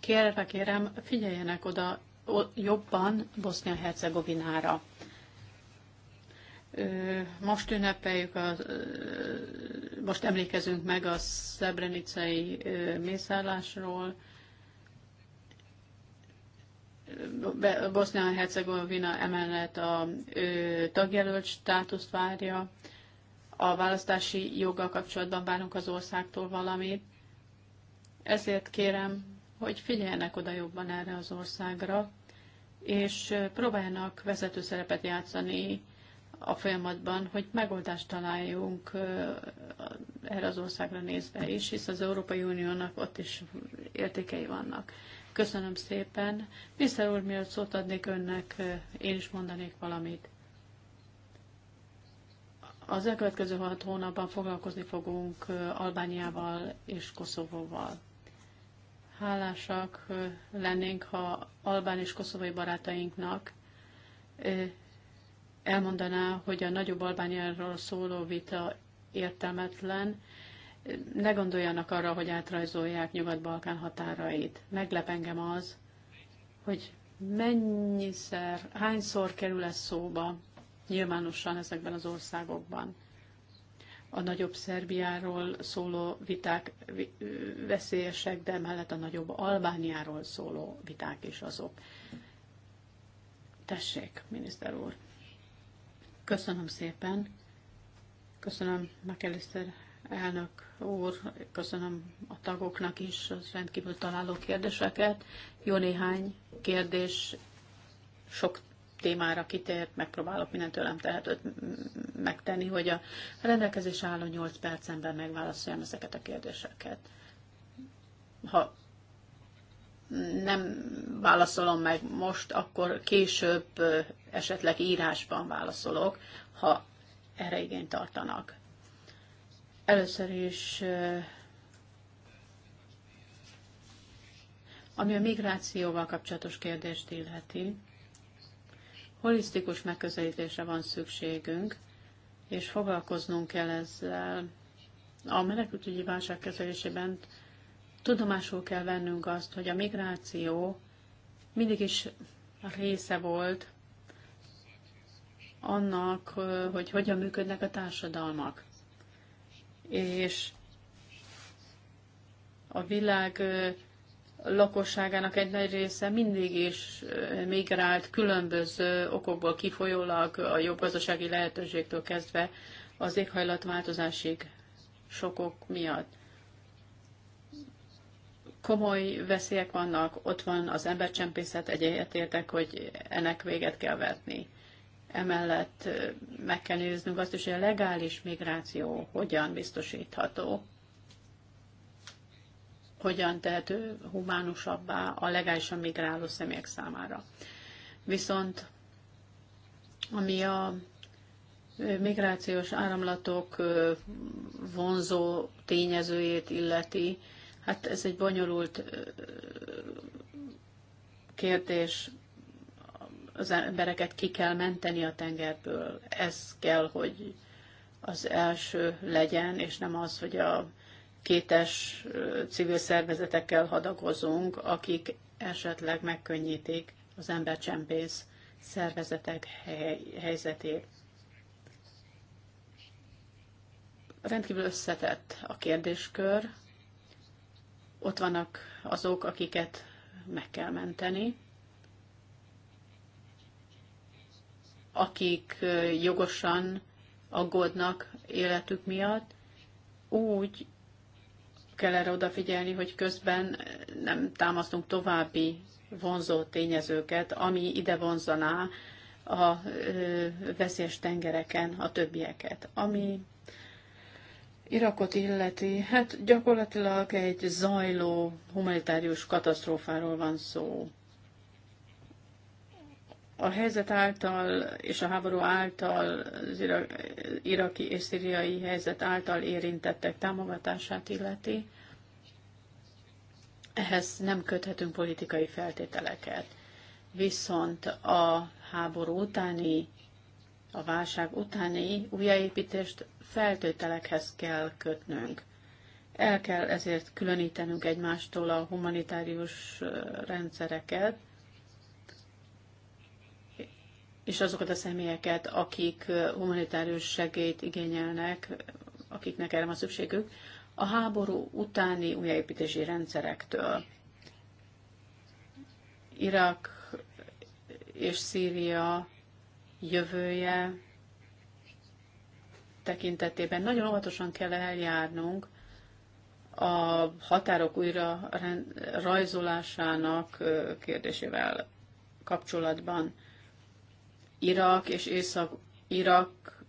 Kérlek kérem, figyeljenek oda jobban Bosznia-Hercegovinára. Most ünnepeljük, a, most emlékezünk meg a szebrenicei mészállásról. Bosznia-Hercegovina emellett a tagjelölt státuszt várja. A választási joggal kapcsolatban várunk az országtól valamit. Ezért kérem, hogy figyeljenek oda jobban erre az országra, és próbálnak vezető szerepet játszani a folyamatban, hogy megoldást találjunk erre az országra nézve is, hisz az Európai Uniónak ott is értékei vannak. Köszönöm szépen. Mr. úr, mielőtt szót adnék önnek, én is mondanék valamit. Az elkövetkező hat hónapban foglalkozni fogunk Albániával és Koszovóval hálásak lennénk, ha albán és koszovai barátainknak elmondaná, hogy a nagyobb Albániáról szóló vita értelmetlen, ne gondoljanak arra, hogy átrajzolják Nyugat-Balkán határait. Meglep engem az, hogy mennyiszer, hányszor kerül ez szóba nyilvánosan ezekben az országokban a nagyobb Szerbiáról szóló viták veszélyesek, de mellett a nagyobb Albániáról szóló viták is azok. Tessék, miniszter úr. Köszönöm szépen. Köszönöm McAllister elnök úr, köszönöm a tagoknak is az rendkívül találó kérdéseket. Jó néhány kérdés sok témára kitért, megpróbálok mindent tőlem tehetőt megtenni, hogy a rendelkezés álló 8 percemben megválaszoljam ezeket a kérdéseket. Ha nem válaszolom meg most, akkor később esetleg írásban válaszolok, ha erre igényt tartanak. Először is, ami a migrációval kapcsolatos kérdést illeti, Holisztikus megközelítésre van szükségünk, és foglalkoznunk kell ezzel. A menekültügyi válság kezelésében tudomásul kell vennünk azt, hogy a migráció mindig is része volt annak, hogy hogyan működnek a társadalmak. És a világ lakosságának egy nagy része mindig is migrált különböző okokból kifolyólag a jobb gazdasági lehetőségtől kezdve az éghajlatváltozásig sokok miatt. Komoly veszélyek vannak, ott van az embercsempészet, egyetértek, hogy ennek véget kell vetni. Emellett meg kell néznünk azt is, hogy a legális migráció hogyan biztosítható hogyan tehető humánusabbá a legálisan migráló személyek számára. Viszont ami a migrációs áramlatok vonzó tényezőjét illeti, hát ez egy bonyolult kérdés, az embereket ki kell menteni a tengerből. Ez kell, hogy az első legyen, és nem az, hogy a kétes civil szervezetekkel hadakozunk, akik esetleg megkönnyítik az embercsempész szervezetek hely, helyzetét. Rendkívül összetett a kérdéskör. Ott vannak azok, akiket meg kell menteni, akik jogosan aggódnak életük miatt, úgy, kell erre odafigyelni, hogy közben eh, nem támasztunk további vonzó tényezőket, ami ide vonzaná a eh, veszélyes tengereken a többieket. Ami Irakot illeti, hát gyakorlatilag egy zajló humanitárius katasztrófáról van szó a helyzet által és a háború által, az iraki és szíriai helyzet által érintettek támogatását illeti, ehhez nem köthetünk politikai feltételeket. Viszont a háború utáni, a válság utáni újjáépítést feltételekhez kell kötnünk. El kell ezért különítenünk egymástól a humanitárius rendszereket, és azokat a személyeket, akik humanitárius segélyt igényelnek, akiknek erre van szükségük, a háború utáni újjáépítési rendszerektől. Irak és Szíria jövője tekintetében nagyon óvatosan kell eljárnunk a határok újra rajzolásának kérdésével kapcsolatban. Irak és Észak-Irak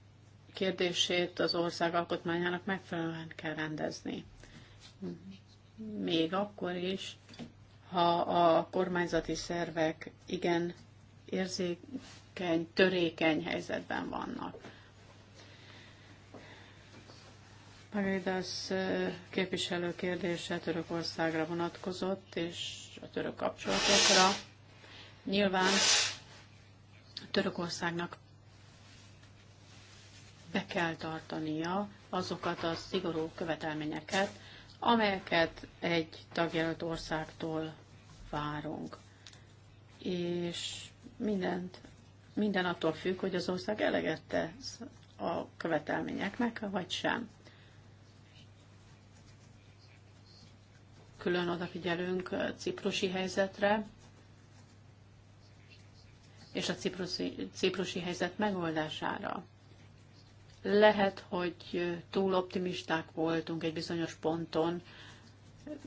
kérdését az ország alkotmányának megfelelően kell rendezni. Még akkor is, ha a kormányzati szervek igen érzékeny, törékeny helyzetben vannak. Pagaidas képviselő kérdése Törökországra vonatkozott, és a török kapcsolatokra. Nyilván Törökországnak be kell tartania azokat a szigorú követelményeket, amelyeket egy tagjelölt országtól várunk. És mindent, minden attól függ, hogy az ország eleget tesz a követelményeknek, vagy sem. Külön odafigyelünk ciprusi helyzetre, és a ciprusi, ciprusi helyzet megoldására. Lehet, hogy túl optimisták voltunk egy bizonyos ponton,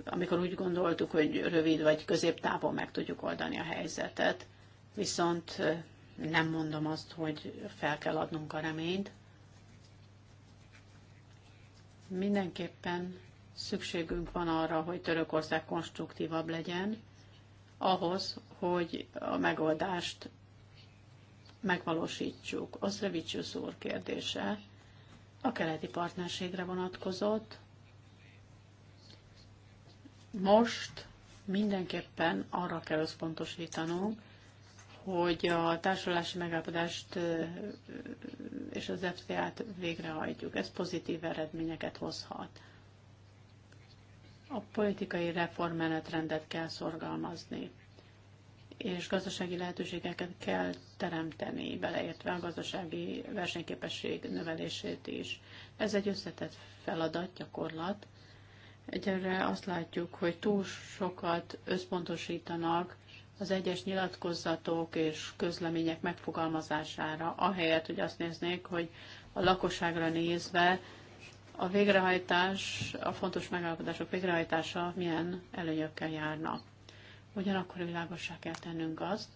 amikor úgy gondoltuk, hogy rövid vagy középtávon meg tudjuk oldani a helyzetet, viszont nem mondom azt, hogy fel kell adnunk a reményt. Mindenképpen szükségünk van arra, hogy Törökország konstruktívabb legyen, ahhoz, hogy a megoldást megvalósítsuk. Oszlevicius úr kérdése a keleti partnerségre vonatkozott. Most mindenképpen arra kell összpontosítanunk, hogy a társulási megállapodást és az FTA-t végrehajtjuk. Ez pozitív eredményeket hozhat. A politikai reformmenetrendet kell szorgalmazni és gazdasági lehetőségeket kell teremteni, beleértve a gazdasági versenyképesség növelését is. Ez egy összetett feladat, gyakorlat. Egyelőre azt látjuk, hogy túl sokat összpontosítanak az egyes nyilatkozatok és közlemények megfogalmazására, ahelyett, hogy azt néznék, hogy a lakosságra nézve a végrehajtás, a fontos megállapodások végrehajtása milyen előnyökkel járnak. Ugyanakkor világossá kell tennünk azt,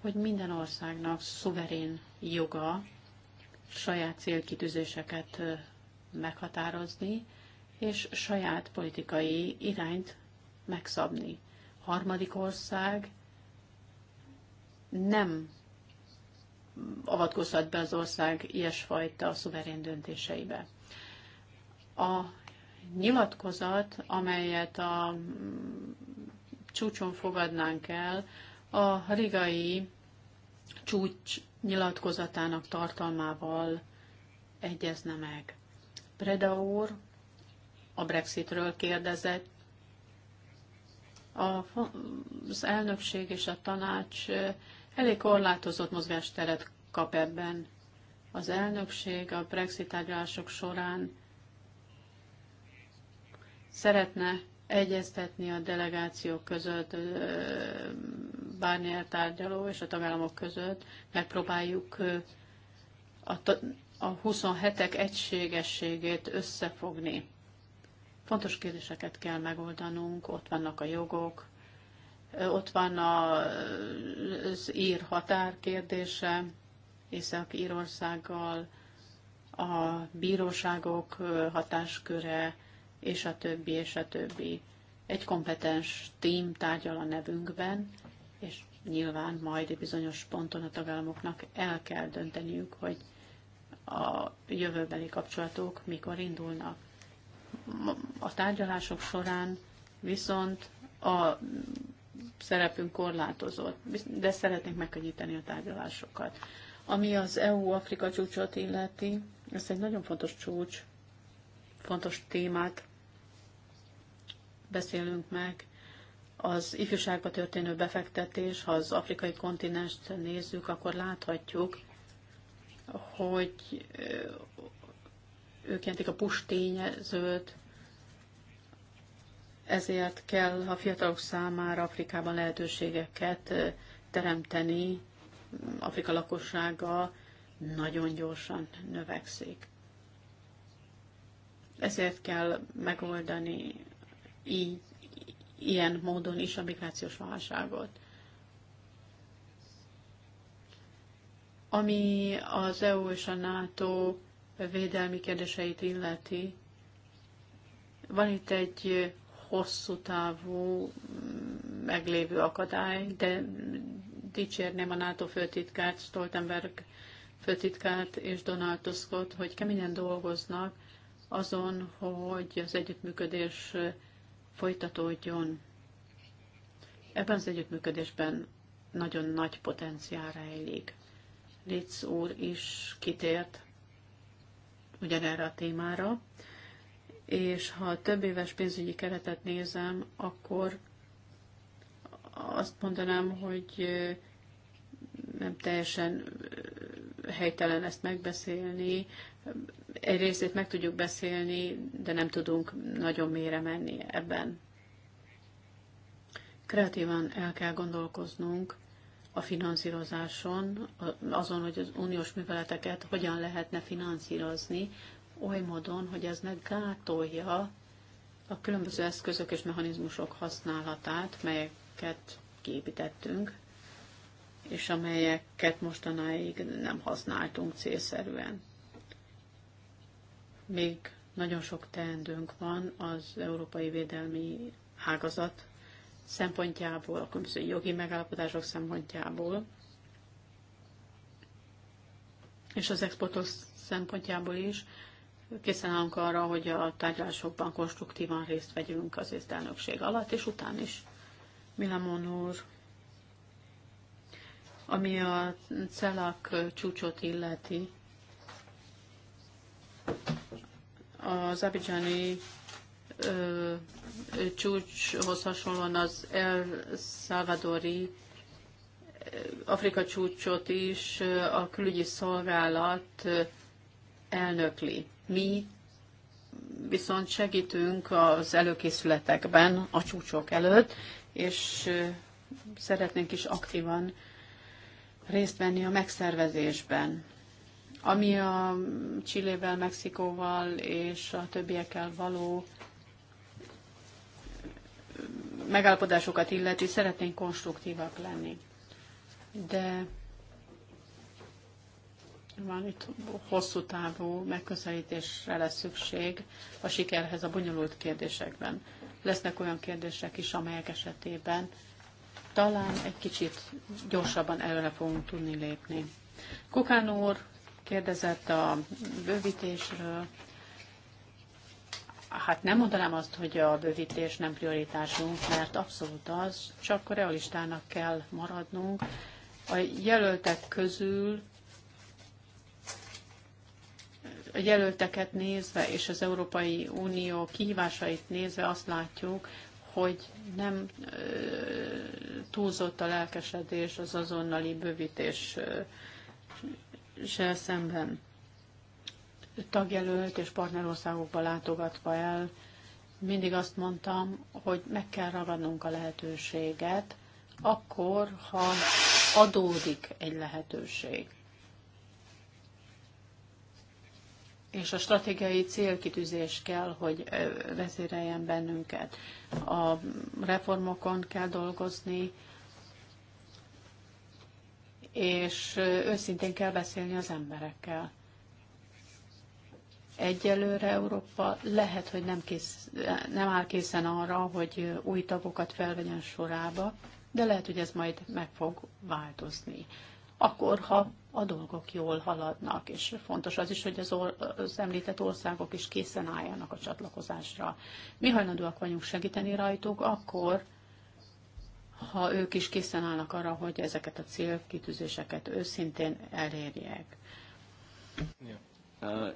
hogy minden országnak szuverén joga saját célkitűzéseket meghatározni, és saját politikai irányt megszabni. Harmadik ország nem avatkozhat be az ország ilyesfajta szuverén döntéseibe. A nyilatkozat, amelyet a csúcson fogadnánk el a rigai csúcs nyilatkozatának tartalmával egyezne meg. Preda úr a Brexitről kérdezett. A, az elnökség és a tanács elég korlátozott mozgásteret kap ebben. Az elnökség a Brexit tárgyalások során szeretne egyeztetni a delegációk között, bármilyen tárgyaló és a tagállamok között, megpróbáljuk a, a 27-ek egységességét összefogni. Fontos kérdéseket kell megoldanunk, ott vannak a jogok, ott van az ír határ kérdése, Észak-Írországgal, a bíróságok hatásköre, és a többi, és a többi. Egy kompetens tím tárgyal a nevünkben, és nyilván majd bizonyos ponton a tagállamoknak el kell dönteniük, hogy a jövőbeli kapcsolatok mikor indulnak. A tárgyalások során viszont a szerepünk korlátozott, de szeretnénk megkönnyíteni a tárgyalásokat. Ami az EU-Afrika csúcsot illeti, ez egy nagyon fontos csúcs, fontos témát beszélünk meg. Az ifjúságba történő befektetés, ha az afrikai kontinenst nézzük, akkor láthatjuk, hogy ők jelentik a pustényezőt, ezért kell a fiatalok számára Afrikában lehetőségeket teremteni. Afrika lakossága nagyon gyorsan növekszik. Ezért kell megoldani így, ilyen módon is a migrációs válságot. Ami az EU és a NATO védelmi kérdéseit illeti, van itt egy hosszú távú mm, meglévő akadály, de dicsérném a NATO főtitkárt, Stoltenberg főtitkárt és Donald Tuskot, hogy keményen dolgoznak azon, hogy az együttműködés folytatódjon. Ebben az együttműködésben nagyon nagy potenciál rejlik. Litz úr is kitért ugyanerre a témára, és ha a több éves pénzügyi keretet nézem, akkor azt mondanám, hogy nem teljesen helytelen ezt megbeszélni, egy részét meg tudjuk beszélni, de nem tudunk nagyon mélyre menni ebben. Kreatívan el kell gondolkoznunk a finanszírozáson, azon, hogy az uniós műveleteket hogyan lehetne finanszírozni, oly módon, hogy ez ne gátolja a különböző eszközök és mechanizmusok használatát, melyeket képítettünk, és amelyeket mostanáig nem használtunk célszerűen még nagyon sok teendőnk van az európai védelmi Hágazat szempontjából, a különböző jogi megállapodások szempontjából, és az exportok szempontjából is készen állunk arra, hogy a tárgyalásokban konstruktívan részt vegyünk az észtelnökség alatt, és után is. Milamon úr, ami a CELAC csúcsot illeti, az abidzsani csúcshoz hasonlóan az El Salvadori Afrika csúcsot is a külügyi szolgálat elnökli. Mi viszont segítünk az előkészületekben, a csúcsok előtt, és szeretnénk is aktívan részt venni a megszervezésben. Ami a Csillével, Mexikóval és a többiekkel való megállapodásokat illeti, szeretnénk konstruktívak lenni. De van itt hosszú távú megközelítésre lesz szükség a sikerhez a bonyolult kérdésekben. Lesznek olyan kérdések is, amelyek esetében talán egy kicsit gyorsabban előre fogunk tudni lépni. Kukán úr kérdezett a bővítésről. Hát nem mondanám azt, hogy a bővítés nem prioritásunk, mert abszolút az, csak realistának kell maradnunk. A jelöltek közül a jelölteket nézve és az Európai Unió kihívásait nézve azt látjuk, hogy nem túlzott a lelkesedés az azonnali bővítés szemben tagjelölt és partnerországokba látogatva el, mindig azt mondtam, hogy meg kell ragadnunk a lehetőséget, akkor, ha adódik egy lehetőség. És a stratégiai célkitűzés kell, hogy vezéreljen bennünket. A reformokon kell dolgozni, és őszintén kell beszélni az emberekkel. Egyelőre Európa lehet, hogy nem, kész, nem áll készen arra, hogy új tagokat felvegyen sorába, de lehet, hogy ez majd meg fog változni. Akkor, ha a dolgok jól haladnak, és fontos az is, hogy az, or- az említett országok is készen álljanak a csatlakozásra. Mi hajlandóak vagyunk segíteni rajtuk akkor, ha ők is készen állnak arra, hogy ezeket a célkitűzéseket őszintén elérjék. Uh,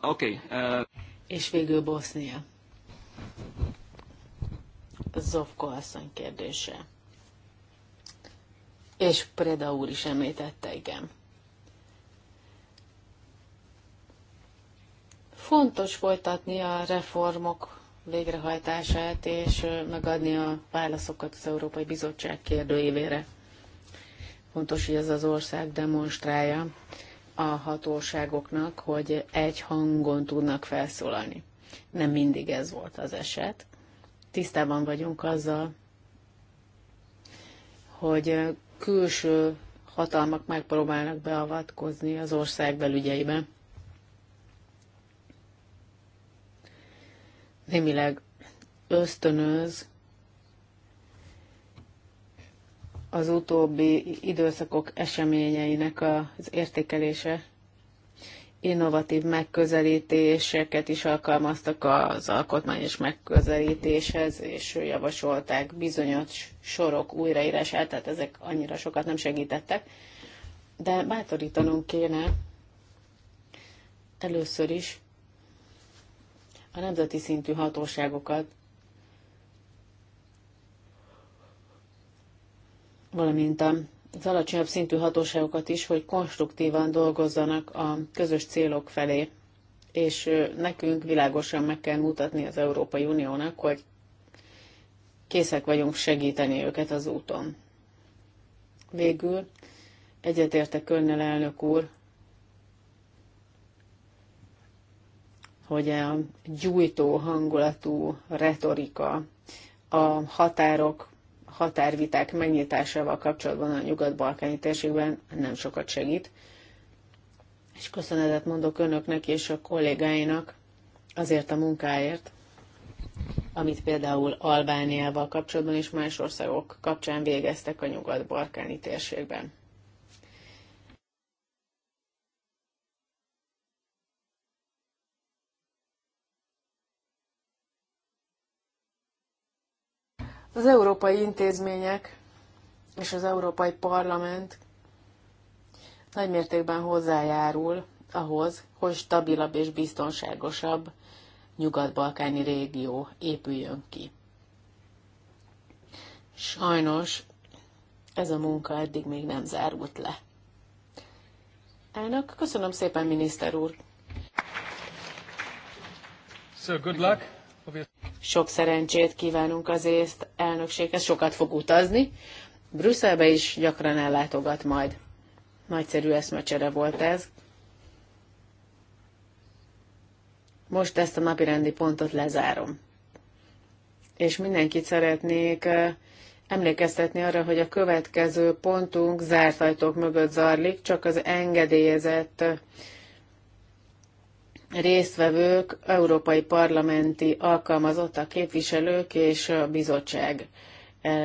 okay. uh... És végül Bosznia. Zovko asszony kérdése. És Preda úr is említette, igen. Fontos folytatni a reformok végrehajtását, és megadni a válaszokat az Európai Bizottság kérdőívére. Fontos, hogy ez az ország demonstrálja a hatóságoknak, hogy egy hangon tudnak felszólalni. Nem mindig ez volt az eset. Tisztában vagyunk azzal, hogy külső hatalmak megpróbálnak beavatkozni az ország belügyeibe némileg ösztönöz az utóbbi időszakok eseményeinek az értékelése. Innovatív megközelítéseket is alkalmaztak az alkotmányos megközelítéshez, és javasolták bizonyos sorok újraírását, tehát ezek annyira sokat nem segítettek. De bátorítanunk kéne először is a nemzeti szintű hatóságokat, valamint az alacsonyabb szintű hatóságokat is, hogy konstruktívan dolgozzanak a közös célok felé, és nekünk világosan meg kell mutatni az Európai Uniónak, hogy készek vagyunk segíteni őket az úton. Végül egyetértek önnel, elnök úr, hogy a gyújtó hangulatú retorika a határok, határviták megnyitásával kapcsolatban a nyugat-balkáni térségben nem sokat segít. És köszönetet mondok önöknek és a kollégáinak azért a munkáért, amit például Albániával kapcsolatban és más országok kapcsán végeztek a nyugat-balkáni térségben. Az európai intézmények és az Európai Parlament nagy mértékben hozzájárul ahhoz, hogy stabilabb és biztonságosabb nyugat-balkáni régió épüljön ki. Sajnos ez a munka eddig még nem zárult le. Elnök, köszönöm szépen, miniszter úr! So good luck. Sok szerencsét kívánunk az észt elnökséghez sokat fog utazni. Brüsszelbe is gyakran ellátogat majd. Nagyszerű eszmecsere volt ez. Most ezt a napirendi pontot lezárom. És mindenkit szeretnék emlékeztetni arra, hogy a következő pontunk zárt ajtók mögött zarlik, csak az engedélyezett résztvevők, európai parlamenti alkalmazottak, képviselők és a bizottság